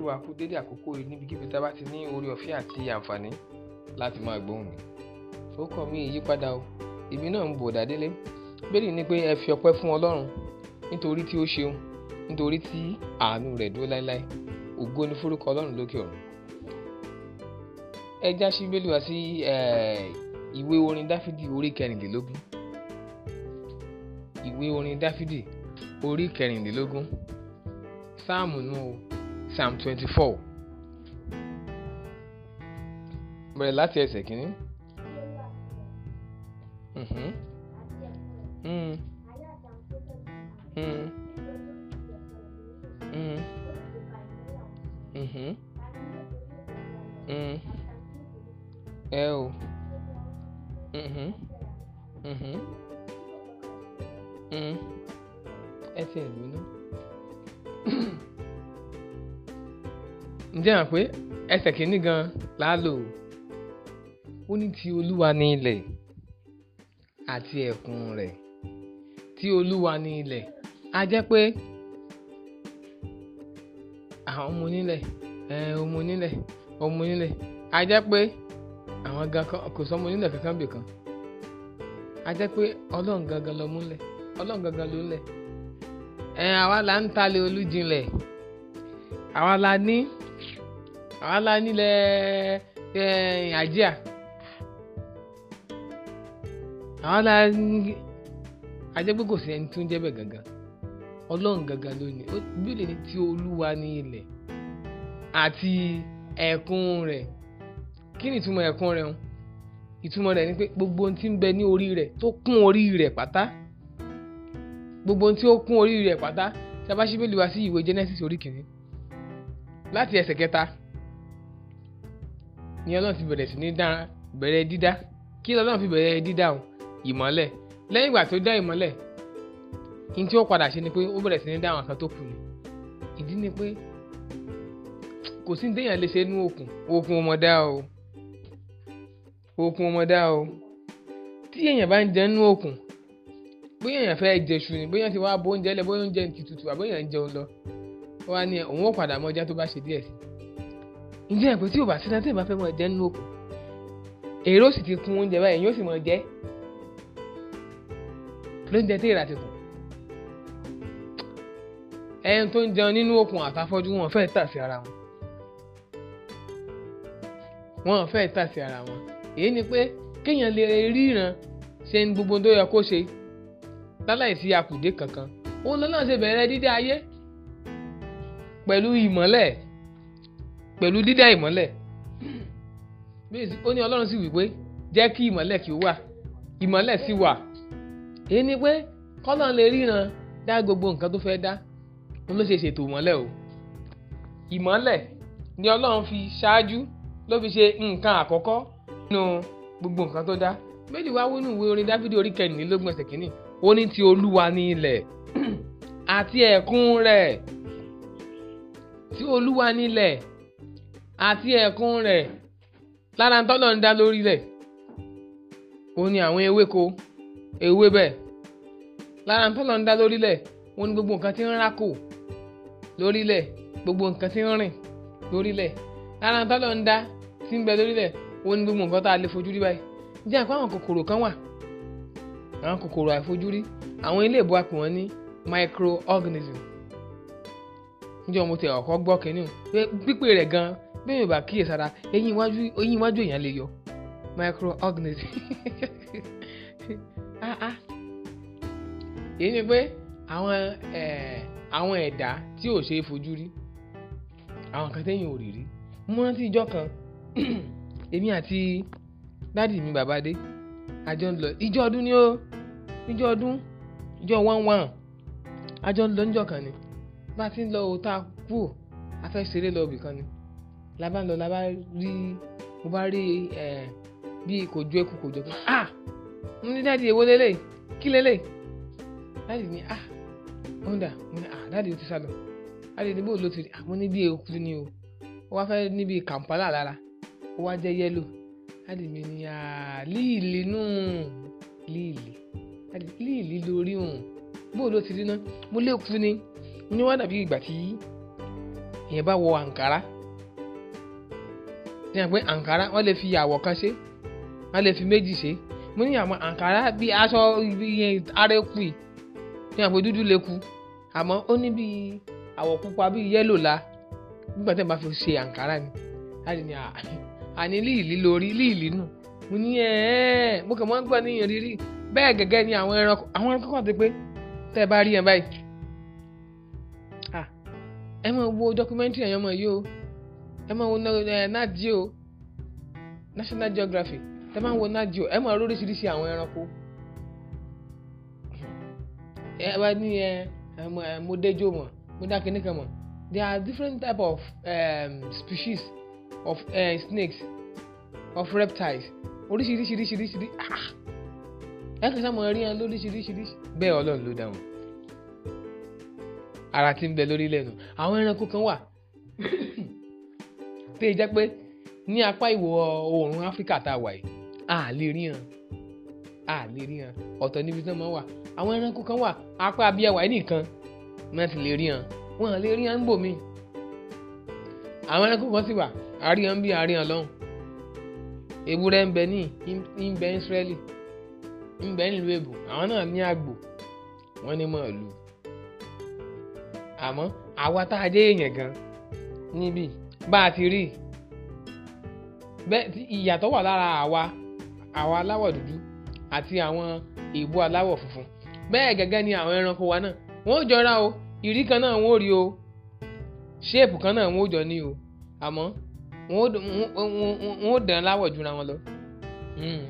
olúwa kú dédé àkókò yìí níbikíbi tá a bá ti ní orí ọ̀fẹ́ àti àǹfààní láti máa gbóhùn mi. orúkọ mi ìyípadà o èmi náà ń bò dádélé bẹ́ẹ̀ ni pé ẹ fi ọpẹ́ fún ọlọ́run nítorí tí ó ṣeun nítorí tí àánú rẹ̀ dúró láéláé ògo ni forúkọ ọlọ́run lókè ọ̀run. ẹ já sí bẹ́ẹ̀ lùwà sí ìwé orin dáfídì orí kẹrìndínlógún ìwé orin dáfídì orí kẹrìndínlógún sáàmù nù o psalm twenty four bẹ̀rẹ̀ láti ẹsẹ̀ kìíní. Mm-hmm. Mm. Mm. Mm. Mm-hmm. Mm. Ẹ o. Mm-hmm. hmm Mm. Ẹ ti ǹjẹ́ hàn pé ẹsẹ̀ kìíní gan láàlò ó ní ti olúwa ni ilẹ̀ àti ẹ̀kún rẹ̀ tí olúwa ni ilẹ̀ a jẹ́ pé àwọn ọmọ onílẹ̀ ọmọ onílẹ̀ ọmọ onílẹ̀ a jẹ́ pé àwọn gan kan kò sọ́mọ onílẹ̀ kankan bì kan a jẹ́ pé ọlọ́run gangan ló múlẹ̀ ọlọ́run gangan ló lẹ̀ ẹ̀ àwa là ń talẹ̀ olújinlẹ̀ àwa la ní. Ni àwa la nílẹ̀ eh, àjíà àwa la ajẹ́pẹ́ kò sí ẹni tó ń jẹ́ bẹ́ẹ̀ gangan ọlọ́run gangan ló ní bíbélì ní ti olúwa ní ilẹ̀ àti ẹ̀kún rẹ̀ kí ni ìtumọ̀ ẹ̀kún rẹ̀ ń ìtumọ̀ rẹ̀ ni pé gbogbo ohun tí ń bẹ ní orí rẹ̀ tó kún orí rẹ̀ pátá gbogbo ohun tí ó kún orí rẹ̀ pátá tí a bá ṣí bẹ́ẹ̀ lè wá sí ìwé Genesis orí kìíní láti ẹsẹ̀ kẹta ni ọlọ́run ti bẹ̀rẹ̀ sí ní bẹ̀rẹ̀ dídá kí ọlọ́run fi bẹ̀rẹ̀ dídá òun ìmọ́lẹ̀ lẹ́yìn ìgbà tó dá ìmọ́lẹ̀ ní tí ó padà ṣe ni pé ó bẹ̀rẹ̀ sí ní dá àwọn kan tó kù ni ìdí ni pé kò sí déèyàn lè ṣe nú òkun òkun ọmọdá o òkun ọmọdá o tí èèyàn bá ń jẹ nú òkun bóyá èèyàn fẹ́ jẹ ṣu ni bóyá ti wá bóúnjẹ lẹ bóyá oúnjẹ ti tutù àbóyá ń jẹun lọ ó wá ní òun ó padà mọ ọjà tó bá ṣe díẹ̀ sí i ǹjẹ́ ẹ̀pẹ́ tí ò bá síná tí ìbá fẹ́ mọ̀ jẹ́ nínú òkú èrò sì ti kún oúnjẹ báyìí yóò sì mọ̀ jẹ́ lóúnjẹ tí ìrà ti kù ẹni tó ń jẹun nínú òkun àtàfọ́jú wọn fẹ́ẹ́ tà sí ara wọn wọn fẹ́ẹ́ tà sí ara wọn èyí ni pé kéèyàn lè ríran ṣe ń gbogbo tó yẹ kó ṣe láláìsí akùdé kankan òun lọ́nà ṣe bẹ̀rẹ̀ dídá ayé pẹ̀lú ìmọ́lẹ̀ pẹ̀lú dídá ìmọ́lẹ̀ ó ní ọlọ́run sì wí pé jẹ́ kí ìmọ́lẹ̀ kí ó wà ìmọ́lẹ̀ sì wà èyí ni pé kọ́lọ́n lè ríran dá gbogbo nǹkan tó fẹ́ dá òun ló ṣe ṣètò ìmọ́lẹ̀ o ìmọ́lẹ̀ ni ọlọ́run fi ṣáájú ló fi ṣe nǹkan àkọ́kọ́ nínú gbogbo nǹkan tó dá bẹ́ẹ̀ni wá wínú ìwé orin dáfídì orí kẹrìnlélógún ẹsẹ̀ kìíní ó ní ti olúwa ni ilẹ̀ àti ẹ̀kún rẹ̀ tí olúwa ni ilẹ̀ àti ẹ̀kún rẹ̀ lára ń tọ́lọ̀ ń dá lórí rẹ̀ òun ni àwọn ewéko ewébẹ̀ lára ń tọ́lọ̀ ń dá lórí rẹ̀ òun ni gbogbo nǹkan tí ń rákò lórílẹ̀ gbogbo nǹkan tí ń rìn lórílẹ̀ lára ń tọ́lọ̀ ń dá tí ń bẹ lórílẹ̀ òun ni gbogbo nǹkan tá a lè fojú rí báyìí jẹ́ àpá àwọn kòkòrò kan wà àwọn kòkòrò àìfojúrí àwọn ilé ìbò apè wọ́n ní microorganism níjọ́ mo ti ọ̀kọ́ gbọ́ kínní pé pípé rẹ̀ gan-an bẹ́ẹ̀ bá kíyèsára eyín iwájú eyín iwájú èèyàn lè yọ microorganism ah ah èyí ni pé àwọn àwọn ẹ̀dá tí ò ṣe é fojú rí àwọn kan téèyàn ò rí rí mo rántí ìjọ kan èmi àti dádì mi bàbá dé àjọ ń lọ ìjọ ọdún ni ó ìjọ ọdún ìjọ one one àjọ ń lọ níjọ kan ni bá a ti ń lọ òòtá kúò afẹ́ ṣeré lọ ibì kan ni la bá ń lọ la bá rí mo bá rí ẹ bí kò ju eku kò jọ pé ah mo ní dáàdi èwo lélẹ̀ kí lélẹ̀ dáàdi ni ah ó ń dà mo ní ah dáàdi ó ti sá dáàdi ni bó ló ti rí ah mo ní bí eku ni o ó wá fẹ́ níbi kàmpálà lára ó wá jẹ́ yẹ́lò dáàdi mi ni ah líìlì nù líìlì dáàdi líìlì lórí òun bó ló ti rí náà mo lé eku ni ní wọ́n dàbí ìgbà tí èèyàn bá wọ àǹkárá ṣe hàn pé àǹkárá wọ́n lè fi àwọ̀ kan ṣe wọ́n lè fi méjì ṣe mo ní àwọn àǹkárá bí aṣọ ìyẹn arẹ́kù yìí ṣe hàn pé dúdú lè ku àmọ́ ó ní bí àwọ̀ pupa bí yẹ́lò la nígbà tí wọ́n bá fi ṣe àǹkárá ni láti ní àní líìlí lórí líìlí nù mo ní ẹ ẹ mo kàn máa ń gbọ́ níyàn rírì bẹ́ẹ̀ gẹ́gẹ́ ni àwọn ẹranko àwọn ẹranko kan ti pé tẹ́ ẹ bá rí yẹn báyìí ẹ máa wo dọ́kúmẹ́ntì ẹ̀yàn ọmọ yìí o ẹ máa wo Nat National Geographic tẹ máa wo Nat ẹ máa rí àwọn ẹranko ẹ wá ní ẹ mo déjò mọ mo dá kinní kan mọ there are different type of um, species of uh, snakes of reptiles oríṣiríṣiríṣiríṣirí ah, ah. ẹ kàn sáà mọ rí ẹ lóríṣiríṣiríṣi bẹ́ẹ̀ Ọlọ́run ló dá ara tí ń bẹ lórí ilẹ̀ àwọn ẹranko kan wà tó yẹ jẹ́ pé ní apá ìwọ̀ oòrùn áfíríkà tá a wà yìí a lè rí hàn a lè rí hàn ọ̀tọ̀ níbi tí wọ́n wà àwọn ẹranko kan wà apá abíyáwá nìkan náà ti lè rí hàn wọn à lè rí hàn ń bò mí àwọn ẹranko kan sì wà àríyàn bí àríyàn lọ́hùn ewúrẹ́ ń bẹ ní ń bẹ Ísírẹ́lì ń èbò àwọn náà ní àgbò wọ́n ní mọ̀ọ́lù àmọ́ àwa tá a jẹ́ èèyàn gan níbí bá a ti rí ìyàtọ̀ wà lára àwa àwa aláwọ̀ dúdú àti àwọn èèbó aláwọ̀ funfun bẹ́ẹ̀ gẹ́gẹ́ ni àwọn ẹranko wa náà wọ́n ó jọra o ìrí kan náà wọ́n ó rí o ṣéèpù kan náà wọ́n ó jọ ní o àmọ́ wọ́n ó dàn láwọ̀ jura wọn lọ hmm.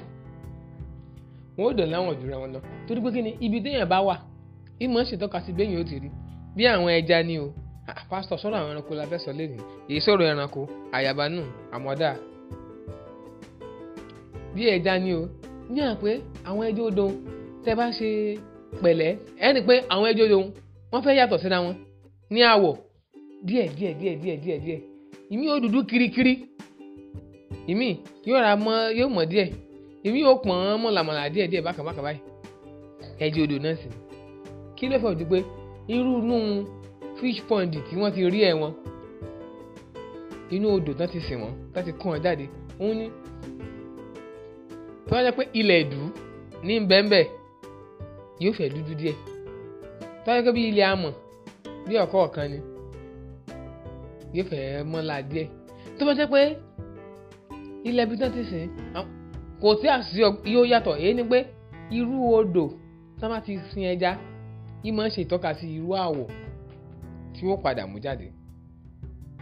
wọ́n ó dàn láwọ̀ jura wọn lọ torí pé kí ni ibi téèyàn bá wà ìmọ̀ ṣètọ́ka sí béèyàn ó ti rí bí àwọn ẹja ni o. Ah, pásítọ̀ sọ̀rọ̀ àwọn ẹranko la fẹ́ sọ lẹ́nu èyí sọ̀rọ̀ ẹranko àyàbá nù àmọ́dá. bí ẹja ni o ní à pé àwọn ẹjọ́ odò tẹ bá ṣe pẹ̀lẹ́ ẹni pé àwọn ẹjọ́ odò wọ́n fẹ́ yàtọ̀ síra wọn ní àwọ̀ díẹ̀ díẹ̀ díẹ̀ díẹ̀ díẹ̀ díẹ̀ ìmí yóò dúdú kirikiri ìmí yóò ra mọ́ yóò mọ́ díẹ̀ ìmí yóò pọ̀n mọ̀làmọ̀là díẹ̀ díẹ̀ bákàbákà báyìí ẹjọ́ odò náà sì kí ló fẹ́ òdu pé irú inú fish pond tí wọ́n ti rí ẹ̀ wọn inú odò tán ti sìn wọ́n tán ti kó wọn jáde òun ni tí wọ́n jẹ́ pé ilẹ̀ ìdú ní bẹ́ẹ̀nbẹ́ẹ̀ yóò fẹ́ dúdú díẹ̀ tí wọ́n jẹ́ pé bí ilẹ̀ amọ̀ bí ọ̀kọ́ ọ̀kan ni yóò fẹ́ mọ́la díẹ̀ tó bá jẹ́ pé ilẹ̀ ibi tán ti sìn kò sí àṣìṣe yóò yàtọ̀ èyí ni pé irú odò tí wọ́n bá ti sin ẹja yìí máa ń ṣe ìtọ́ka sí irú àwọ̀ tí ó padà mú jáde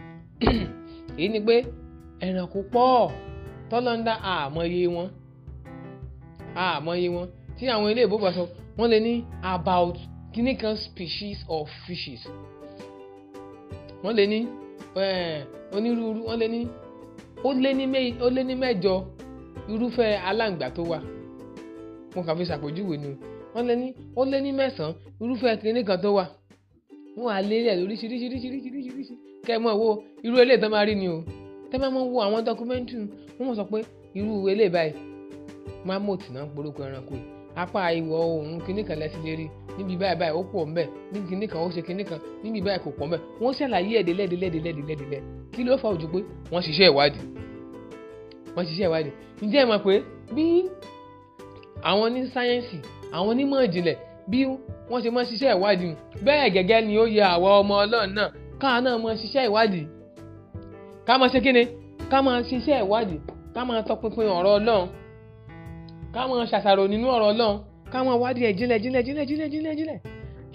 èyí ni pé ẹranko pọ̀ tọ́lọ́ńdá àmọye wọn àmọye wọn tí àwọn ilé ìbúgbà sọ wọ́n lè ní about kìíní species of fishes wọ́n lè ní eh, onírúurú wọ́n lè ní ó lé ní mẹ́jọ irúfẹ́ aláǹgbá tó wà mo kàn fi ṣàpèjúwe ni wọ́n lè ní ó lé ní mẹ́sàn-án irúfẹ́ kìíní kan tó wà wọn á lé rẹ̀ lóríṣiríṣiríṣiríṣiríṣi kẹ́ ẹ mọ̀ wo irú eléyìí tó máa rí ni o tẹ́ máa mọ̀ wo àwọn dọ́kúmẹ́ntì wọn mọ̀ sọ pé irú eléyìí báyìí mammoth náà ń porúkọ ẹranko yìí apá ìwọ̀ oòrùn kinní kan lẹ́sìn lérí níbi báyìí báyìí ó pọ̀ ńbẹ̀ níbi kinní kan ó ṣe kinní kan níbi báyìí kò pọ̀ ńbẹ̀ wọ́n ṣàlàyé ẹ̀ délẹ́délẹ́délẹ́délẹ́ kí ló fà ojú pé wọ́n ṣiṣẹ́ ìwádìí wọ́n ṣiṣẹ́ ìwádìí ǹjẹ́ ẹ mọ̀ pé bí àwọn ní sáyẹ́ǹsì àwọn onímọ̀ ìjìnlẹ̀ bí wọ́n ṣe mọ́ ṣiṣẹ́ ìwádìí bẹ́ẹ̀ gẹ́gẹ́ ni ó yẹ àwa ọmọ ọlọ́run náà káà náà mọ́ ṣiṣẹ́ ìwádìí ká mọ́ ṣe kíni ká mọ́ ṣiṣẹ́ ìwádìí ká mọ́ tọpinpin ọ̀rọ̀ ọlọ́run ká mọ́ ṣàṣàrò nínú ọ̀rọ̀ ọlọ́run ká mọ́ wádìí ẹ̀ jinlẹ̀ jinlẹ̀ jinlẹ̀ jinlẹ̀ jinlẹ̀ jinlẹ̀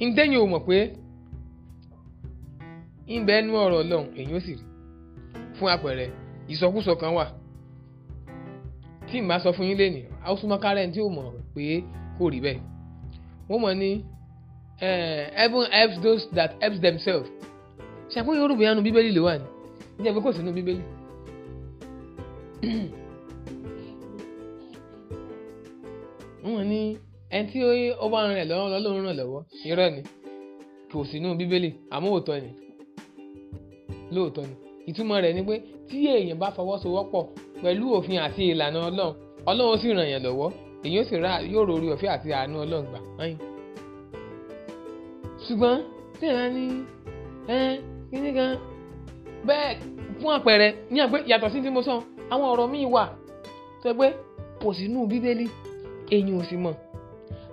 ǹdẹ́yìn ò mọ̀ pé ń bẹ́ẹ̀ nú ọ̀rọ̀ ọlọ́run èyí ó sì rí fún àpẹẹrẹ ìsọkúsọ kan wà tí n bá sọ fún yín lénìí a ó súnmọ́ kárẹ́ǹtì ò mọ̀ pé kò rí bẹ́ẹ̀ wọ́n mọ̀ ní heaven helps those that helps themselves ṣàpọ̀ yorùbá yanu bíbélì lè wà ní ní ẹgbẹ́ kò sínú bíbélì. wọ́n ní ẹni tí ó bá rìn rẹ̀ lọ́wọ́ lọ́lọ́run ràn lọ́wọ́ irọ́ ni kò sínú bíbélì àmọ́ òótọ́ ni lóòótọ́ ni ìtumọ̀ rẹ̀ ni pé tí èèyàn bá fọwọ́sowọ́pọ̀ pẹ̀lú òfin àti ìlànà ọlọ́run ọlọ́run sì ràn yàn lọ́wọ́ èyí yóò sì ra yóò rori ọ̀fẹ́ àti àánú ọlọ́run gbà ẹ̀yìn. ṣùgbọ́n tí ìran ní ẹ kíní kan bẹ́ẹ̀ fún àpẹẹrẹ ní àgbẹ̀ yàtọ̀ sí tí mo sọ àwọn ọ̀rọ̀ míì wà tó pé kò sínú bíbélì èyàn ò sì mọ̀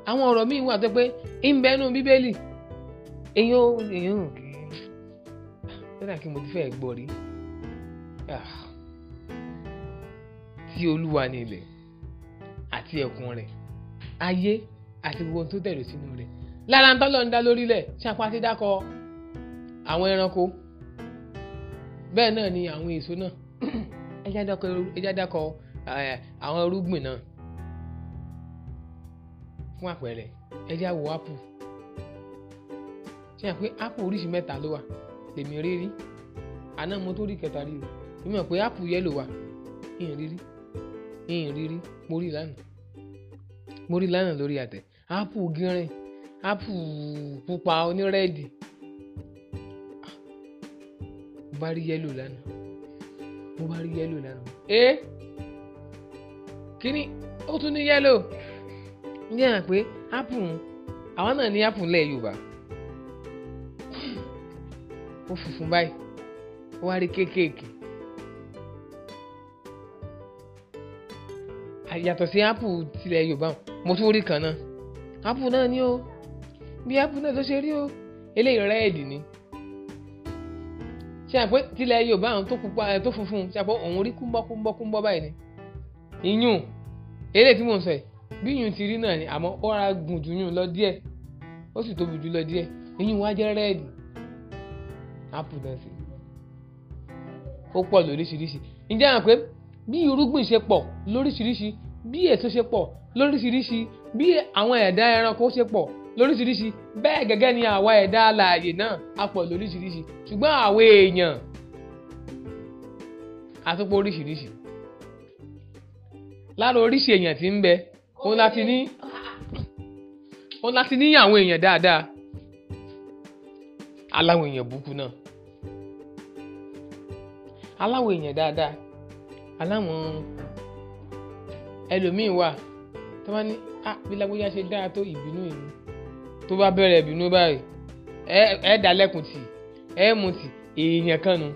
àwọn ọ̀rọ̀ míì wà tó pé ń bẹ nínú bíbélì èyàn ò èyàn ò kì í lọ́dà kí mo ti fẹ́ gbọ́ rí ah. tí olúwa ni ilẹ̀ àti ẹ̀kún rẹ̀ ayé àti gbogbo ohun tó tẹ̀lé sínú rẹ̀ lára ń tọ́lọ́ ń dá lórílẹ̀ ṣàpá ti dákọ àwọn ẹranko bẹ́ẹ̀ náà ni àwọn èso náà ẹja dákọ àwọn irúgbìn náà fún àpẹẹrẹ ẹja wo apple ṣe hàn pé apple oríṣi mẹ́ta ló wà lèmi rí rí àná mo tó rí kẹta rí o mi pé apple yẹ́lò wà ìhìn rírí n rírí mo rí lánàá mo rí lánàá lórí àtẹ ápù gírin ápù pupa onírẹ́ẹ̀dì mo bá rí yẹ́lò lánàá mo bá rí yẹ́lò lánàá ẹ eh? kíní ó tún ní yẹ́lò ní àná pé ápù àwọn náà ní ápù ńlẹ̀ Yorùbá ó funfun báyìí ó wá rí kéékèèké yàtọ̀ sí apple tilẹ̀ yorùbá mo tún rí kan náà apple náà ni o bí apple náà tó ṣe rí o eléyìí rẹ́ẹ̀dì ni ṣe àpé tilẹ̀ yorùbá àwọn tó pupa tó funfun ṣe àpé òun rí kúmbọ́kúmbọ́ kúmbọ́ báyìí ni iyún eléyìí tí mò ń sọ yìí bí iyún ti rí náà ni àmọ́ ó ra gùn jù yún lọ díẹ̀ ó sì tóbi jù lọ díẹ̀ iyún wa jẹ́ rẹ́ẹ̀dì apple náà sì ó pọ̀ lóríṣiríṣi ǹjẹ́ àwọn bí irúgbìn ṣe pọ̀ lóríṣiríṣi bí èso ṣe pọ̀ lóríṣiríṣi bí àwọn ẹ̀dá ẹranko ṣe pọ̀ lóríṣiríṣi bẹ́ẹ̀ gẹ́gẹ́ ni àwa ẹ̀dá alààyè náà a pọ̀ lóríṣiríṣi ṣùgbọ́n àwọn èèyàn àtúpọ̀ oríṣiríṣi lára oríṣi èèyàn tí ń bẹ òun láti ní òun láti ní àwọn èèyàn dáadáa aláwọ̀ èèyàn burúkú náà aláwọ̀ èèyàn dáadáa aláwọn ẹlòmíín wà tó bá ní ah bí lágbóyá ṣe dára tó ìbínú ìlú tó bá bẹ̀rẹ̀ ìbínú báyìí ẹ ẹ dálẹ́kùn tì ẹ mú tì èèyàn kan nu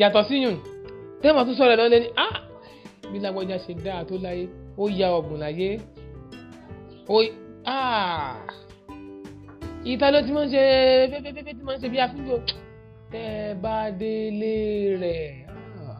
yàtọ̀ síyùn tẹ́mọ̀ tún sọ̀rọ̀ lọ́lẹ́ ní ah bí lágbóyá ṣe dára tó láyé ó ya ọ̀bùn láyé ó ah ìta ló ti máa ń ṣe pépépépé ti máa ń ṣe bí afínjò tẹ́ bá délé rẹ̀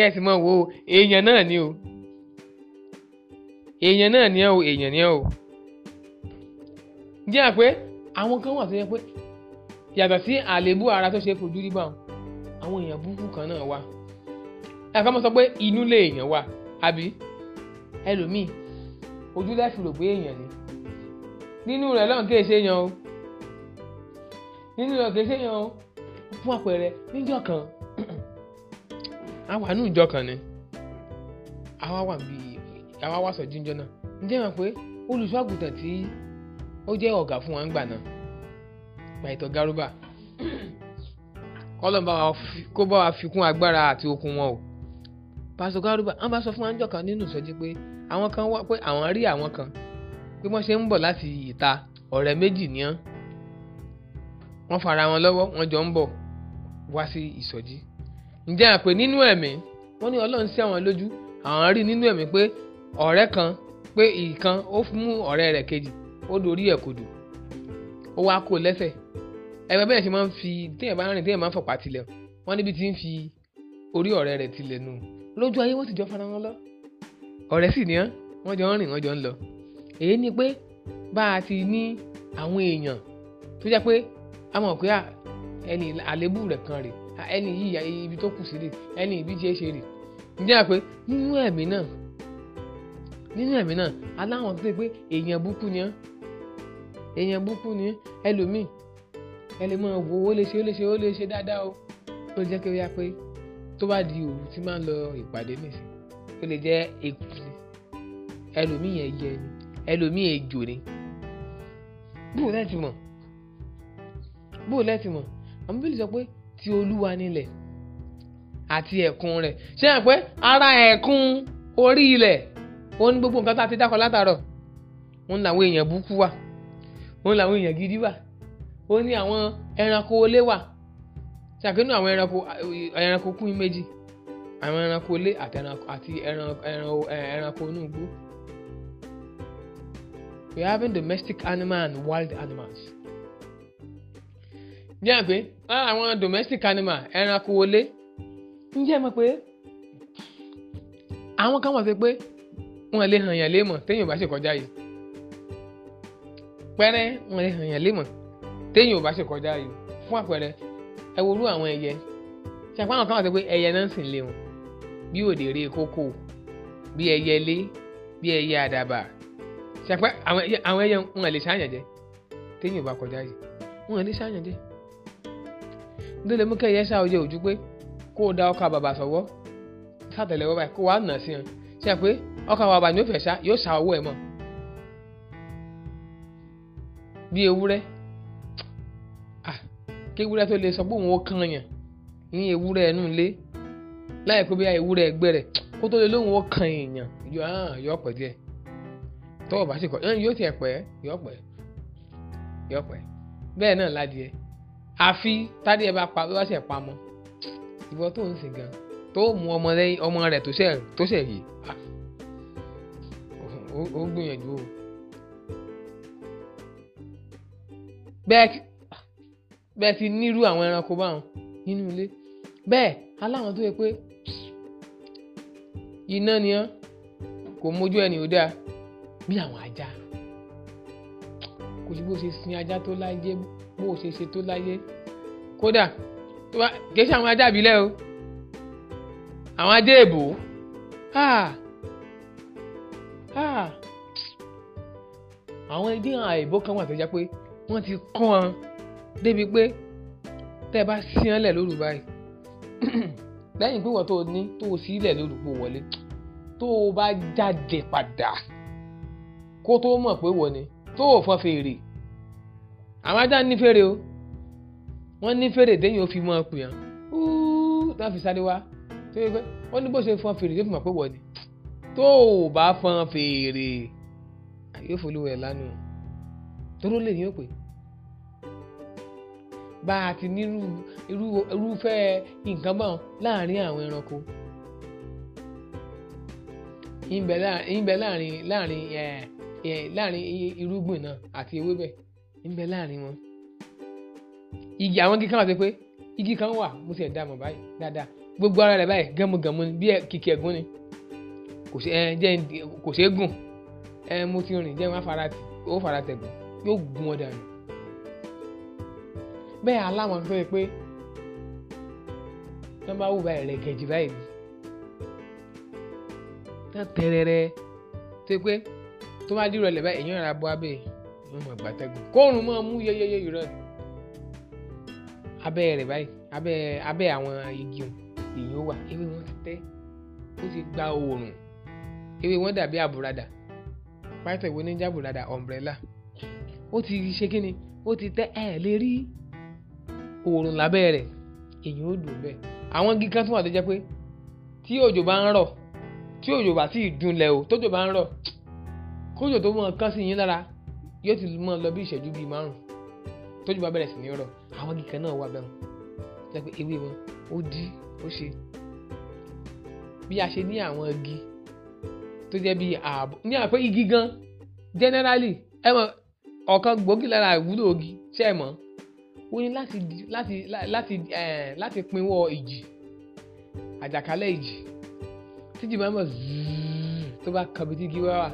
kẹ́sì mọ̀ wo èèyàn náà ni o èèyàn náà ni o èèyàn ni o jẹ́ àpé àwọn kan wà tó yẹ pé yàtọ̀ sí àléébù ara tó ṣe fojú rí báwọn àwọn èèyàn burúkú kan náà wà ẹ̀ka mọ̀ sọ pé inú lè èèyàn wà àbí ẹlòmíì ojú lẹ́fi rò pé èèyàn ni nínú rẹ̀ lọ́n kì í ṣe èèyàn o nínú rẹ̀ kì í ṣe èèyàn o fún àpẹẹrẹ níjọ́ kan a wà ní ìjọ kan ni àwa wà bí àwa wà sọ jíjọ náà ǹjẹ́ wọn pé olùṣọ́ àgùntàn tí ó jẹ́ ọ̀gá fún wa ń gbà náà gbàìtọ̀ gárúbà kọ́lọ̀ kó bá wa fi kún agbára àti okun wọn o pásítọ̀ gárúbà wọn bá sọ fún wa kan nínú ìsọjí pé àwọn kan wá pé àwọn rí àwọn kan pé wọ́n ṣe ń bọ̀ láti ìta ọ̀rẹ́ méjì ni wọ́n fara wọn lọ́wọ́ wọ́n jọ ń bọ̀ wá sí ìsọjí ǹjẹ́ àpè nínú ẹ̀mí wọ́n ní ọlọ́run sí àwọn lójú àwọn rí nínú ẹ̀mí pé ọ̀rẹ́ kan pé ìkan ó mú ọ̀rẹ́ rẹ̀ kejì ó dorí ẹ̀ kodò ó wá kó lẹ́sẹ̀ ẹgbẹ́ bẹ́ẹ̀ ṣe máa ń fi téèyàn bá rìn téèyàn máa ń fọ̀pá tilẹ̀ wọ́n níbi tí ń fi orí ọ̀rẹ́ rẹ̀ tilẹ̀ nù lójú ayé wọ́n sì jọ fara wọn lọ ọ̀rẹ́ sì ni wọ́n jọ ń rìn wọ́n jọ ń lọ èyí ni pé bá a ti ní àwọn èèyàn tó jẹ́ pé a mọ̀ pé ẹni àlébù rẹ̀ kan rèé ẹni yìí ibi tó kù sí rè ẹni ibi jẹ́ ṣe rè ǹjẹ́ àpé nínú ẹ̀mí náà nínú ẹ̀mí náà aláwọn tó ṣe pé èèyàn búkú ni ẹ́ èèyàn búkú ni ẹlòmíì ẹ lè máa wò ó lè ṣe ó lè ṣe ó lè ṣe dáadáa o ó jẹ́ kí ó yá pé tó bá di òru tí máa ń lọ ìpàdé nìsín ó lè jẹ́ èkúté ẹlòmíì yẹn yẹ ni ẹlòmíì ejò ni bóò lẹ́ẹ̀tì mọ̀ bóò lẹ́ẹ̀tì mọ̀ àmúbílì sọ pé ti olúwa nílẹ̀ àti ẹ̀kún rẹ̀ ṣé ẹ pé ara ẹ̀kún orí ilẹ̀ òun gbogbo nǹkan tá a ti dákọ̀ látàárọ̀ òun làwọn èèyàn búkú wà òun làwọn èèyàn gidi wà ó ní àwọn ẹranko olé wà ṣàkínú àwọn ẹranko ẹranko kún méjì àwọn ẹranko ilé àti ẹranko ẹranko inú we are having domestic animals and wild animals. bí àgbẹ̀ àwọn domestic animal ẹranko wọlé ǹjẹ́ ẹ pe pé àwọn kan wà sí pé wọn lè hàn yàn bá ṣe kọjá yìí pẹrẹ wọn lè hàn yàn lémọ̀ bá ṣe kọjá yìí fún àpẹẹrẹ ẹ worú àwọn ẹyẹ ṣàpá àwọn kan wà sí pé ẹyẹ náà sì lé wọn bí bí bí ẹyẹ àdàbà ṣàpá àwọn ẹyẹ wọn lè ṣàyàn jẹ bá kọjá yìí wọn lè ṣàyàn ní lè mú kí ẹyẹ ṣáà yẹ pé kó o da ọkà bàbà sọ́wọ́ sátẹ̀lẹ́wọ́ báyìí kó wàá nà sí hàn ṣe pé ọkà bàbà ni ó fẹ́ ṣá yóò ṣá ọwọ́ ẹ̀ mọ́ bí ewúrẹ́ kí ewúrẹ́ tó lè sọ pé òun ó kan yàn ní ewúrẹ́ ẹnu ilé láì pé bóyá ewúrẹ́ ẹgbẹ́ rẹ̀ kó tó lè lóun ó kan èèyàn yọ ọ̀pẹ̀ díẹ̀ tọ́wọ́ bá ṣe kọ́ yóò tiẹ̀ pẹ́ yọ ọ̀pẹ̀ yọ ọ̀pẹ̀ bẹ́ẹ̀ náà ládìẹ àfi tádé ẹ bá pa ló bá ṣe pamọ́ ìwọ tó ń sìn gan tó mú ọmọ lẹ́yìn ọmọ rẹ̀ tó ṣẹ̀ tó yìí ah. ó gbìyànjú o. bẹ́ẹ̀ ah, bẹ́ẹ̀ ti nírú àwọn ẹranko báwọn nínú ilé bẹ́ẹ̀ aláwọn tó yẹ pé iná ni án kò mójú ẹni ò dáa bí àwọn ajá kò sí bó ṣe sin ajá tó lájẹ́ bó bó o ṣe ṣe tó láyé kódà kì í ṣe àwọn ajá àbílẹ̀ o àwọn ajá èbò ah! ah! àwọn ẹdín àìbó kan wà tó jẹ́ pé wọ́n ti kọ́ ọ débi pé tẹ́ ẹ bá sí lẹ̀ lóru báyìí lẹ́yìn pé wọ́n tó ní tó o sí ilẹ̀ lóru pò wọlé tó o bá jáde padà kó tó mọ̀ pé wọ́n ni tó o fọ́n fèrè àwọn ajá ní fèrè o wọ́n ní fèrè déyìn ó fi mọ́ ọ pè hàn úú tó fi sáré wá tó yẹ pé wọ́n ní bó ṣe fọn fèrè tó fi mọ̀ pé wọ́n ni tó o bá fọn fèrè àyè òfolúwẹ̀ lánàá toró lè ní ó pè bá a ti ní irúfẹ́ nǹkan bọ́n láàrin àwọn ẹranko ìbẹ̀ láàrin láàrin láàrin irúgbìn náà àti ewébẹ̀ ń bẹ láàrin wọn igi àwọn igi kan wà tó pé igi kan wà mo sì ẹ̀ dá mọ̀ báyìí dáadáa gbogbo ara rẹ̀ báyìí gánmugànmu bí kìkì ẹ̀gún ni kò ṣe ẹ jẹ́ kò ṣe é gùn ẹ mo ti rìn jẹ́ wọn fara ó fara tẹ̀gùn yóò gun wọn dànù bẹ́ẹ̀ aláwọn tó yẹ pé wọ́n bá wù báyìí rẹ̀ gẹ̀jì báyìí náà tẹ̀rẹ̀rẹ̀ tó yẹ pé tó bá dìrọ̀ lẹ̀ báyìí èèyàn rà bọ́ abẹ́ yìí wọ́n mọ̀ gbàtẹ́gùn kóòrùn máa mú yẹ́yẹ́yẹ́ irọ́ ni abẹ́ rẹ̀ báyìí abẹ́ abẹ́ àwọn igi òun èyí ó wà ewé wọn ti tẹ́ ó ti gba oòrùn ewé wọn dàbí àbùradà pátá ìwé níjà àbùradà ọ̀mbrẹ́là ó ti ṣe kí ni ó ti tẹ́ ẹ̀ lè rí oòrùn lábẹ́ rẹ̀ èyí ó dùn bẹ́ẹ̀ àwọn igi kan tún wà tó jẹ́ pé tí òjò bá ń rọ̀ tí òjò bá sì dunlẹ̀ o tójò bá ń rọ̀ kójò tó mọ̀ kán sí yín lára yóò ti mọ lọ bí ìṣẹ́jú bíi márùn tójú bá bẹ̀rẹ̀ sí ní rọ̀ àwọn igi kan náà wà bẹ́ẹ̀ jẹ́ pé ewé wọn ó dí ó ṣe bí a ṣe ní àwọn igi tó jẹ́ bíi ààbò ní àpé igi gan generally ẹ mọ̀ ọ̀kan gbòógì lára ìwúlò igi ṣe é mọ̀ ó ní láti láti láti láti pinwọ́ ìjì àjàkálẹ̀ ìjì tíjì máa ń bọ̀ zzzz tó bá kan bí tí igi wá wà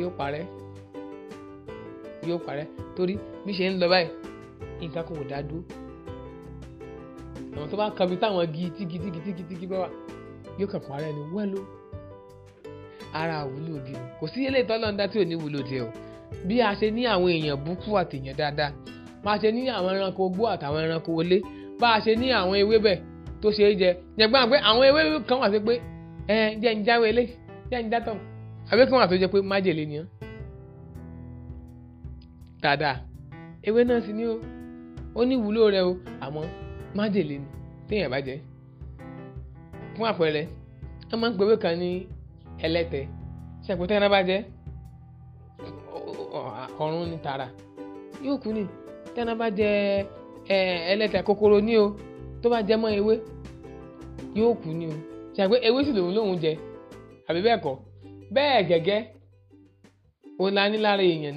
yóò parẹ́ yóò parẹ́ torí bí ṣe ń lọ báyìí nǹkan kò dá dúró àwọn tó bá kan bí táwọn gi tígi tígi tígi tígi bá wà yóò kàn parẹ́ ni wọ́n ló ara àwúlò ògì kò sí eléyìí tọ́lọ́ ń dá tí ò ní wúlò tiẹ̀ o bí a ṣe ní àwọn èèyàn búkú àtèèyàn dáadáa bá a ṣe ní àwọn ẹranko ogbó àtàwọn ẹranko olé bá a ṣe ní àwọn ewébẹ̀ tó ṣe é jẹ yẹgbọ́n àgbẹ̀ àwọn ewé kan wà sí pé ẹ jẹ́ ń jáwé lé jẹ́ ń játọ̀ àbí kan wà tó jẹ pé májèlé ni ọ́ dáadáa ewé náà sì ni o ó ní ìwúlò rẹ o àmọ́ májèlé ni téèyàn bá jẹ fún àpẹẹrẹ wọ́n máa ń pe ewé kan ní ẹlẹ́tẹ̀ ṣàpò téèyàn bá jẹ ọ̀run ni tààrà yóò kú ni bá jẹ o tó bá jẹ mọ́ ewé yóò kú ni o ṣàpè ewé sì lòun lòun jẹ àbí òun la ní lára èèyàn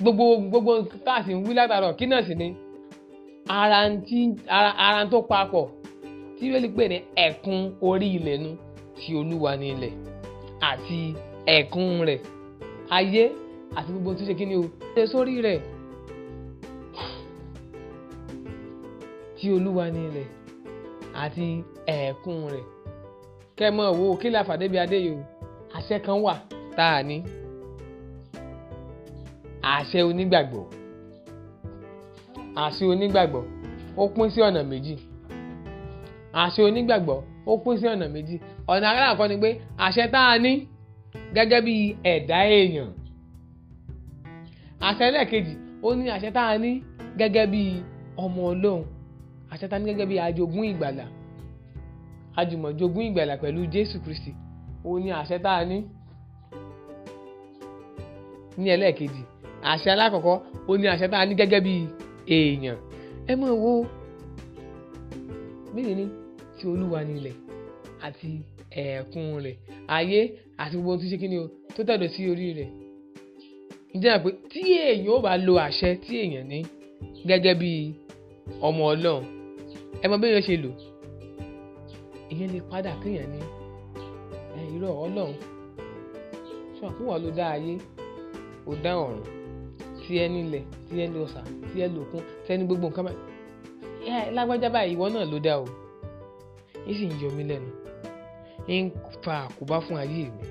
gbogbo gbogbo tá a sì ń wí látàrọ kí náà sì ni ara ń tí ara ara ń tó papọ̀ tí wẹ́lí pè ní ẹ̀kún orí ilẹ̀ nu ti olúwa ní ilẹ̀ àti ẹ̀kún rẹ̀ ayé àti gbogbo tó ṣe kí ni o ṣe sórí rẹ̀ ti olúwa ní ilẹ̀ àti ẹ̀kún rẹ̀ kẹ́ mọ̀ wo kí la fàdébí adé yìí o àṣẹ kan wà tá a ní àṣẹ onígbàgbọ́ àṣẹ onígbàgbọ́ ó pín sí ọ̀nà méjì àṣẹ onígbàgbọ́ ó pín sí ọ̀nà méjì ọ̀nà aláàkọ́ ni pé àṣẹ tá a ní gẹ́gẹ́ bí ẹ̀dá èèyàn àṣẹ ẹlẹ́ẹ̀kejì ó ní àṣẹ tá a ní gẹ́gẹ́ bí ọmọ ọlọ́run àṣẹ tá a ní gẹ́gẹ́ bí ajogún ìgbàlà ajùmọ̀jogún ìgbàlà pẹ̀lú Jésù Kristi ó ní àṣẹ tá a ní ní ẹlẹ́ẹ̀kejì àṣẹ alákọ̀ọ́kọ́ ó ní àṣẹ tá a ní gẹ́gẹ́ bí èèyàn ẹ mọ̀ wo bíi ní ti olúwa nílẹ̀ àti ẹ̀ẹ̀kún rẹ̀ ayé àti gbogbo ohun tó ṣe kí ni o tó tẹ̀dọ̀ sí orí rẹ̀ ǹjẹ́ àpè tí èèyàn ò bá lo àṣẹ tí èèyàn ní gẹ́gẹ́ bí ọmọ ọlọ́run ẹ mọ̀ bẹ́ẹ̀ yẹn ṣe lò ìyẹn lè padà kéèyàn ní ẹ irọ́ ọlọ́run ṣùgbọ́n àpò wà ló dá ayé ó dá ọ̀run ti ẹni ilẹ̀ ti ẹni ọ̀sà ti ẹni òkun ti ẹni gbogbo nǹkan báyìí lágbájá báyìí ìwọ náà ló dá o yìí sì ń yọ mí lẹ́nu ń fa àkóbá fún ayé mi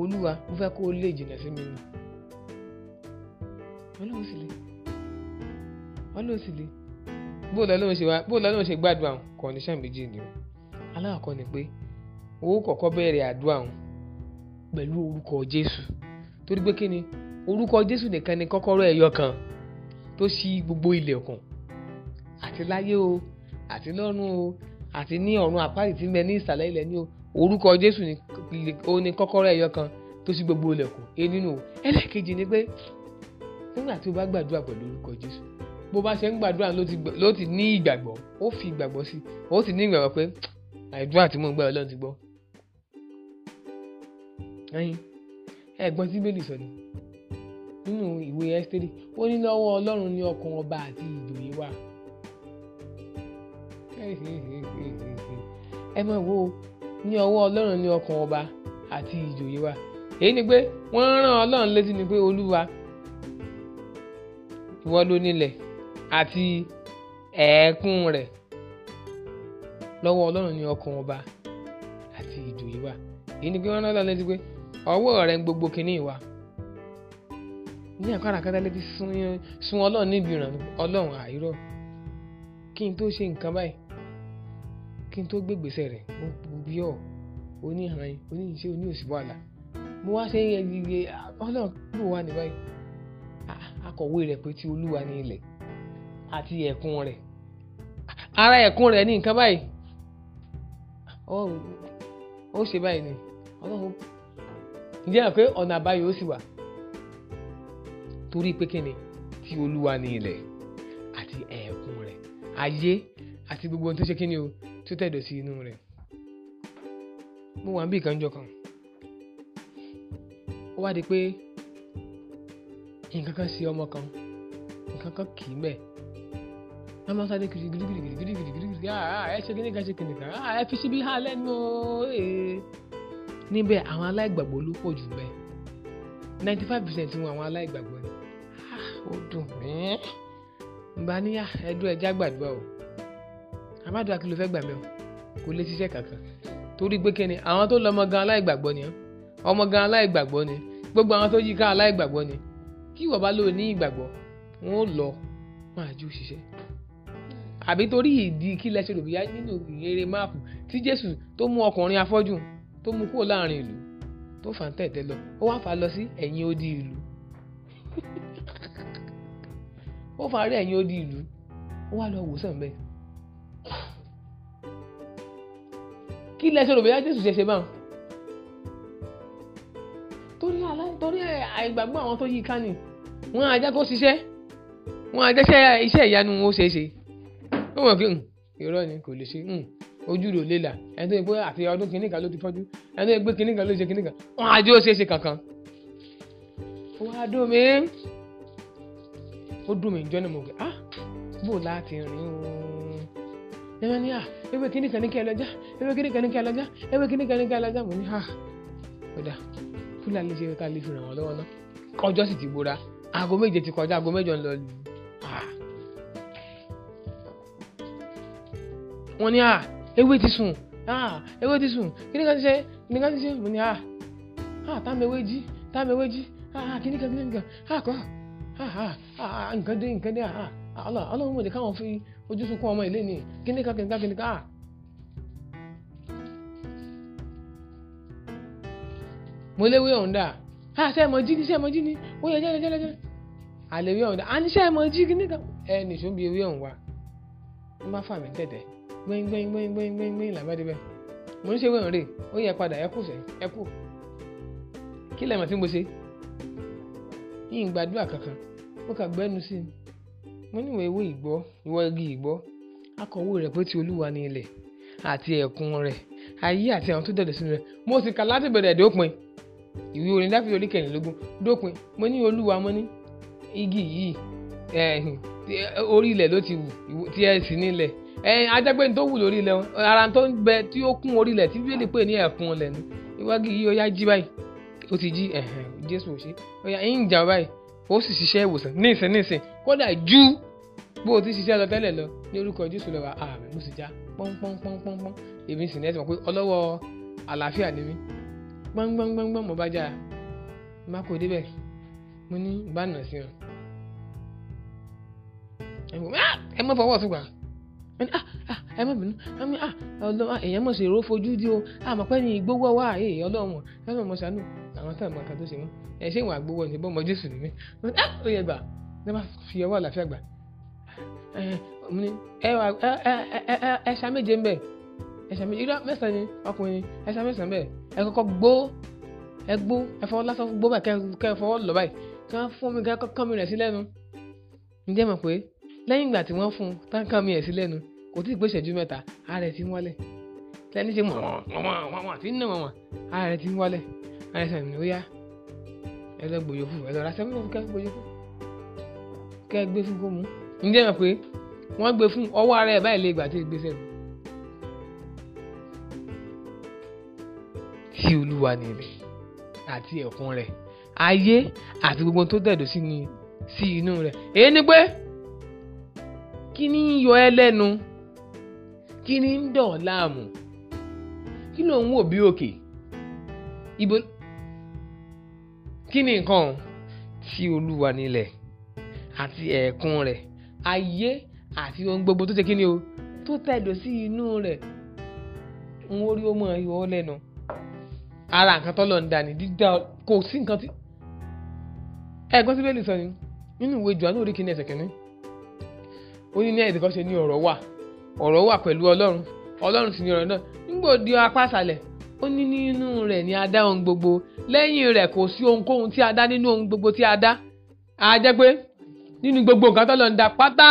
olúwa mo fẹ́ kó o lè jìnà sí mi ni ọlọ́run sì le ọlọ́run sì le bó lọ́lọ́run ṣe wá bó lọ́lọ́run ṣe gbàdúrà méjì ni o ni pé owó bẹ̀rẹ̀ àdúrà pẹ̀lú ni orúkọ jésù nìkan ni kọ́kọ́rọ́ ẹ̀yọ kan tó ṣí gbogbo ilẹ̀kùn àti láyé o àti lọ́run o àti ní ọ̀run àpárí tí ń bẹ ní ìsàlẹ̀ ilẹ̀ ní o orúkọ jésù ni kọ́kọ́rọ́ ẹ̀yọ kan tó ṣí gbogbo ilẹ̀kùn e nínú o ẹlẹ́ẹ̀kejì ni pé nígbà tí o bá gbàdúrà pẹ̀lú orúkọ jésù bó bá ṣe ń gbàdúrà ló ti ní ìgbàgbọ́ ó fi ìgbàgbọ́ sí ó sì ní ìgbàgbọ́ pé àìdúrà tí mò ń gbà ọlọ́run ti gbọ́ ẹ̀yin ẹ̀gbọ́n tí bẹ́ẹ̀ lè sọ ni nínú ìwé ẹ́sítérì ó ní lọ́wọ́ ọlọ́run ní ọkàn ọba àti ìjòyè wa. ẹ máa wo ní ọwọ́ ọlọ́run ní ọkàn ọba àti ìjòyè wa èyí ni pé wọ́n rán ọlọ́run létí ni pé olúwa ìwọ ló nílẹ̀ àti ẹ̀ẹ́kún rẹ̀ lọ́wọ́ ọlọ́run ní ọkàn ọba àti ìjòyè wa èyí ni pé wọ́n rán ọlọ́run létí pé ọwọ́ rẹ̀ ń gbogbo kìíní wa. ní àkàrà kan tẹ́lẹ̀ sun ọlọ́run níbi ìràn ọlọ́run àìrọ̀ kí n tó ṣe nǹkan báyìí kí n tó gbégbèsè rẹ̀ ó bí ọ̀ oníhàn oníṣe oníòsì wàhálà mo wá ṣe ń yẹ ah, ọlọ́run ló wà ní báyìí ah, akọ̀wé rẹ̀ ti olúwa ní ilẹ̀ àti ẹ̀kún rẹ̀ ara ẹ̀kún rẹ̀ ní nǹkan báyìí ó ṣe báyìí ni ọlọ́run ǹjẹ́ o ọ̀nà àbáyọ ó sì wà. torí pé kíni ti olúwa ni ilẹ̀ àti ẹ̀ẹ̀kún rẹ̀ ayé àti gbogbo ohun tó ṣe kíni o tó tẹ̀dọ̀ sí inú rẹ̀ mo wà ń bí ìkànjọ kan ó wá di pé nǹkan kan ṣe ọmọ kan nǹkan kan kì í mẹ́ wọ́n máa sáré kiri kiri kiri kiri kiri kiri kiri ah, ah, ẹ ṣe kíni kan ṣe kíni kan ah, ẹ fi síbi hàn lẹ́nu níbẹ̀ àwọn aláìgbàgbọ́ ló pọ̀ jù bẹ́ẹ̀ ninety five percent wọn àwọn aláìgbàgbọ́ ni ó dùn mí n bá níyà ẹdún ẹja gbàdúrà o àbádọ́ akíló fẹ́ gbà mí o kò lè ṣiṣẹ́ kankan torí pé kíni àwọn tó lọ ọmọ gan aláìgbàgbọ́ ni ọmọ gan aláìgbàgbọ́ ni gbogbo àwọn tó yí ká aláìgbàgbọ́ ni kí ìwọ bá lò ní ìgbàgbọ́ wọn ò lọ wọn àjò ṣiṣẹ́ àbí torí ìdí kí lẹ ṣe rò bíyá nínú ìrere máàpù tí Jésù tó mú ọkùnrin afọ́jú tó mú kúrò láàrin ìlú tó fà ń tẹ̀tẹ̀ lọ ó wá fà lọ sí ẹ̀yìn odi ìlú ó fa rí ẹ̀yìn odi ìlú ó wá lọ wòsàn bẹ́ẹ̀. kí lẹ ṣe olùbẹ̀yà jésù ṣe ṣe báwọn torí àlá torí àìgbàgbọ́ àwọn tó yí ká nì wọ́n á jẹ́ kó ṣiṣẹ́ wọ́n á jẹ́ iṣẹ́ ìyanu wọn ó ṣe é ṣe ó mọ̀ pé hmm, irọ́ ni kò lè ṣe hmm, ojú rò lélà ẹni tó yẹ pé àti ọdún kìíní kan ló ti fọ́jú ẹni tó yẹ pé kìíní kan ló ṣe kìíní kan wọ́n á jẹ́ ó ṣe é ṣe kankan. wàá dùn mí ó dùn mí jọ́ ni mo gbé ah bò láti rìn o ẹ̀rọ ni ah ewé kíní kan ní kí ẹ lọ́jà ewé kíní kan ní kí ẹ lọ́jà ewé kíní kan ní kí ẹ lọ́jà mo ní ah kódà fúlàní ṣe ká lè fi ràn wọ́n lọ́wọ́ náà ọjọ́ sì ti gbóra aago méje ti kọjá aago mẹ́jọ ń lọ ah wọ́n ní ah ewé ti sùn ah ewé ti sùn kíní kan ti ṣe kíní kan ti ṣe mo ní ah ah táàmì ewé jí táàmì ewé jí ah, ah kíní kan kíní kan ah kọ́ Ah, ah, ah, nǹkan dé nǹkan dé ọlọ́run mọ̀jẹ̀ káwọn fi ojú sunkún ọmọ ìlé ni kíníkà kíníkà kíníkà. mo léwé ọ̀hún dà á ṣe é mọ jí ni ṣe é jí ni ó yẹ jẹ́lẹ̀ jẹ́lẹ̀ jẹ́lẹ̀ àlèwé ọ̀hún dà á ṣe mọ jí kíníkà ẹ nìṣó bí ewé ọ̀hún wa ń bá fà mí tẹ̀tẹ̀ mo ń ṣe rè ó yẹ padà ẹ kù ẹ kù kí tí mo ṣe yìí ń gbàdúrà kankan mo kàn gbẹ́nu sí i mo níwọ̀ ewé ìgbọ́ ìwọ igi ìgbọ́ akọ̀wé rẹ̀ pé ti olúwa ni ilẹ̀ àti ẹ̀kún rẹ̀ ayé àti àwọn tó dẹ̀dẹ̀ sínú rẹ̀ mo sì kà láti bẹ̀rẹ̀ dópin ìwé orin dáfídì orí kẹrìnlélógún dópin mo ní olúwa mo ní igi yìí orí ilẹ̀ ló ti wù tí ẹ sì nílẹ̀ ẹyin ajágbẹ́ni tó wù lórí ilẹ̀ wọn ara tó ń bẹ tí ó kún orí ilẹ̀ tí bíbélì pé ní ẹ̀kún ilẹ̀ ni ìwọ́gi yìí ó yá jí báyìí ó ti jí jésù ò ṣe ọ̀yà ẹ̀yìn ìjà báyìí ó sì ṣiṣẹ́ ìwòsàn ní ìsìn ní ìsìn kódà ju bó o ti ṣiṣẹ́ lọ tẹ́lẹ̀ lọ ní orúkọ jésù lọ́wọ́ àmín mo sì já pọ́npọ́npọ́npọ́n èmi sì nẹ́ẹ̀sì mọ̀ pé ọlọ́wọ́ àlàáfíà ni mí gbọ́ngbọ́ngbọ́ngbọ́n mo bá já a má kó débẹ̀ mo ní ìbánà sí wọn. ẹ ah, mọ fọwọ́ ọ̀tún gbà ah, ah, ẹ má bínú èèyàn mọ̀ sí èrò fojú di o àmọ́ pẹ́ ni ìgbówó wa eh, ọlọ́run ọlọ́run mọ̀ sánú àwọn tá àmọ́ kan tó ṣe mọ́ ẹ ṣé ìwọ̀n àgbowó ni bọ́ọ̀mọ jésù ni mí ó yẹ gbà ní bá fi ọwọ́ àlàáfíà gbà ẹṣà méje ń bẹ ẹṣà méje irú mẹ́sàn-án ni ọkùnrin ẹṣà mẹ́sàn-án bẹ ẹ kọ́kọ́ gbó ẹ gbó ẹ fọwọ́ lásán gbó báyìí kẹ́ ẹ fọwọ́ lọ báyìí kí wọ́n fún mi kán mi rẹ̀ sí lẹ́nu ǹjẹ́ mọ̀ pé lẹ́yìn ìgbà tí wọ́n fún tán kán mi rẹ̀ sí lẹ́nu kò tí ì pé ìṣẹ́jú mẹ́ta ara ẹ̀ ti ń wálẹ̀ lẹ́ni ṣe mọ̀ wọ́n wọ́n wọ́n ti ń nà wọ́n wọ́n ara ẹ̀ ti ń wálẹ̀ fm ló yá ẹ lọ gbòòyò fún ẹ lọ ra seven up kẹ gbòòyò fún kẹ gbé fún kó mu ǹjẹ́ mọ̀ pé wọ́n gbé fún ọwọ́ ara ẹ̀ báyìí lè gbà tí ì gbé sẹ́nu. sí olúwa ní ilẹ̀ àti ẹ̀kún rẹ̀ ayé àti gbogbo tó tẹ̀dọ̀ sí ni sí inú rẹ̀ èyí ni pé kí ni ń yọ ẹ́ lẹ́nu kí ni ń dọ̀ láàmú kí ló ń wò bí òkè ibo kí ni nǹkan tí olúwa nílẹ̀ àti ẹ̀ẹ̀kún rẹ̀ ayé àti ohun gbogbo tó ṣe kí ni o tó tẹ̀dọ̀ sí inú rẹ̀ ń orí ó mọ̀ ìwọ́ lẹ́nu ara nǹkan tọ́lọ̀ ń dà ní dídá kò sí nǹkan tí ẹ̀gbọ́n sí bẹ́ẹ̀lì sọ ni nínú ìwé Jòhánù orí kìíní ẹsẹ̀ kìíní ó ní ní ẹ̀dẹ̀ kan ṣe ní ọ̀rọ̀ wà ọ̀rọ̀ wà pẹ̀lú Ọlọ́run Ọlọ́run sì ni ọ̀rọ̀ náà nígbò di apá àṣàlẹ̀ ó ní nínú rẹ̀ ni a dá ohun gbogbo lẹ́yìn rẹ̀ kò sí ohunkóhun tí a dá nínú ohun gbogbo tí a dá a jẹ́ pé nínú gbogbo nǹkan tó lọ ń da pátá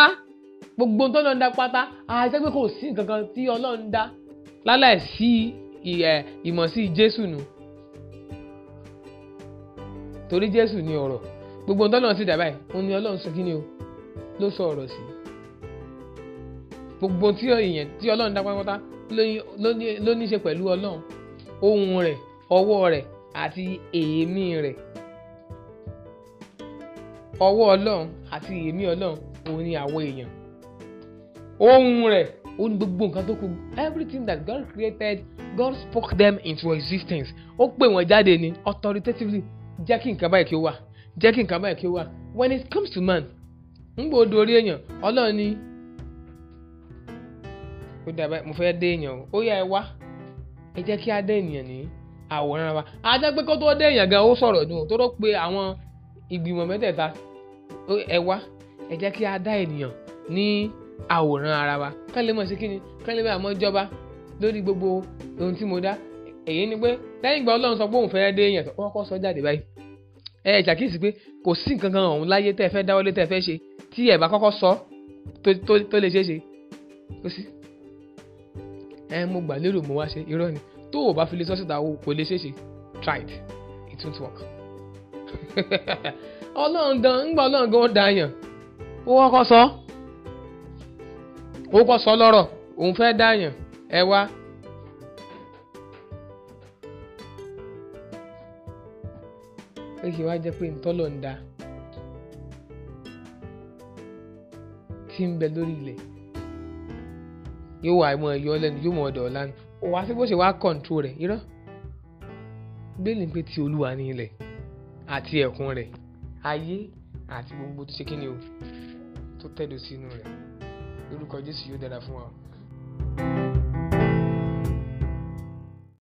gbogbo tó lọ ń da pátá a jẹ́ pé kò sí nǹkan kan tí Ọlọ́run dá láláì sí ìmọ̀ sí Jésù nù torí Jésù ni ọ̀rọ̀ gbogbo ohun tó lọ sí dàbá yìí òun ni Ọlọ́run sọ kí ni o ló sọ ọ̀rọ̀ sí gbogbo tí èèyàn tí Ọlọ́run dá pátá ló ní í ṣe pẹ̀lú Ọlọ́run ohùn rẹ̀ ọwọ́ rẹ̀ àti èémí rẹ̀ ọwọ́ ọlọ́run àti èémí ọlọ́run òun ni àwọn èèyàn ohùn rẹ̀ ó ní gbogbo nǹkan tó kù everything that God created God spoke them into existence ó pè wọ́n jáde ní authoritatively jẹ́ kí nǹkan báyìí kí ó wà jẹ́ kí nǹkan báyìí kí ó wà when it comes to man ń gbọ́ dorí èèyàn ọlọ́run ni ó dàbẹ́ mo fẹ́ dé èèyàn ó yá ẹ wá ẹ jẹ́ kí á dé ènìyàn ní àwòrán wa a pé kó tó dé èèyàn gan ó sọ̀rọ̀ dùn tó tó pe àwọn ìgbìmọ̀ mẹ́tẹ̀ẹ̀ta ẹ wá ẹ jẹ́ kí á dá ènìyàn ní àwòrán ara wa kán lè mọ̀ sí kí ni kán lè máa jọba lórí gbogbo ohun tí mo dá èyí ni pé lẹ́yìn ìgbà ọlọ́run sọ pé òun fẹ́ẹ́ dé èèyàn tó kọ́kọ́ sọ jáde báyìí ẹ ṣàkíyèsí pé kò sí nǹkan kan ọ̀hún láyé tẹ́ ẹ fẹ́ dáwọ́lé tẹ́ ẹ fẹ́ ṣe tí ẹ bá kọ́kọ́ sọ tó lè ṣeé ṣe kò sí ẹ mo gbà lérò mo wá ṣe irọ́ ni tó o bá fi lè sọ síta o kò lè ṣèṣe try it it won't work ọlọ́run dán ńgbà ọlọ́run gan da yàn ó kọ́kọ́ sọ ó kọ́ sọ lọ́rọ̀ òun fẹ́ dá yàn ẹ wá. ó sì wá jẹ́ pé ntọ́lọ̀ ń da tí ń bẹ lórí ilẹ̀ yóò wá mọ ẹyọ lẹ́nu yóò mọ ọdọ ọlá ni ó wá sí bó ṣe wá kọńtró rẹ̀ irọ́ bíbélì ń pè ti olúwa ní ilẹ̀ àti ẹ̀kún rẹ̀ ayé àti gbogbo tó ṣe kí ni o tó tẹ̀dó sínú rẹ̀ lórúkọ jésù yóò dára fún wa.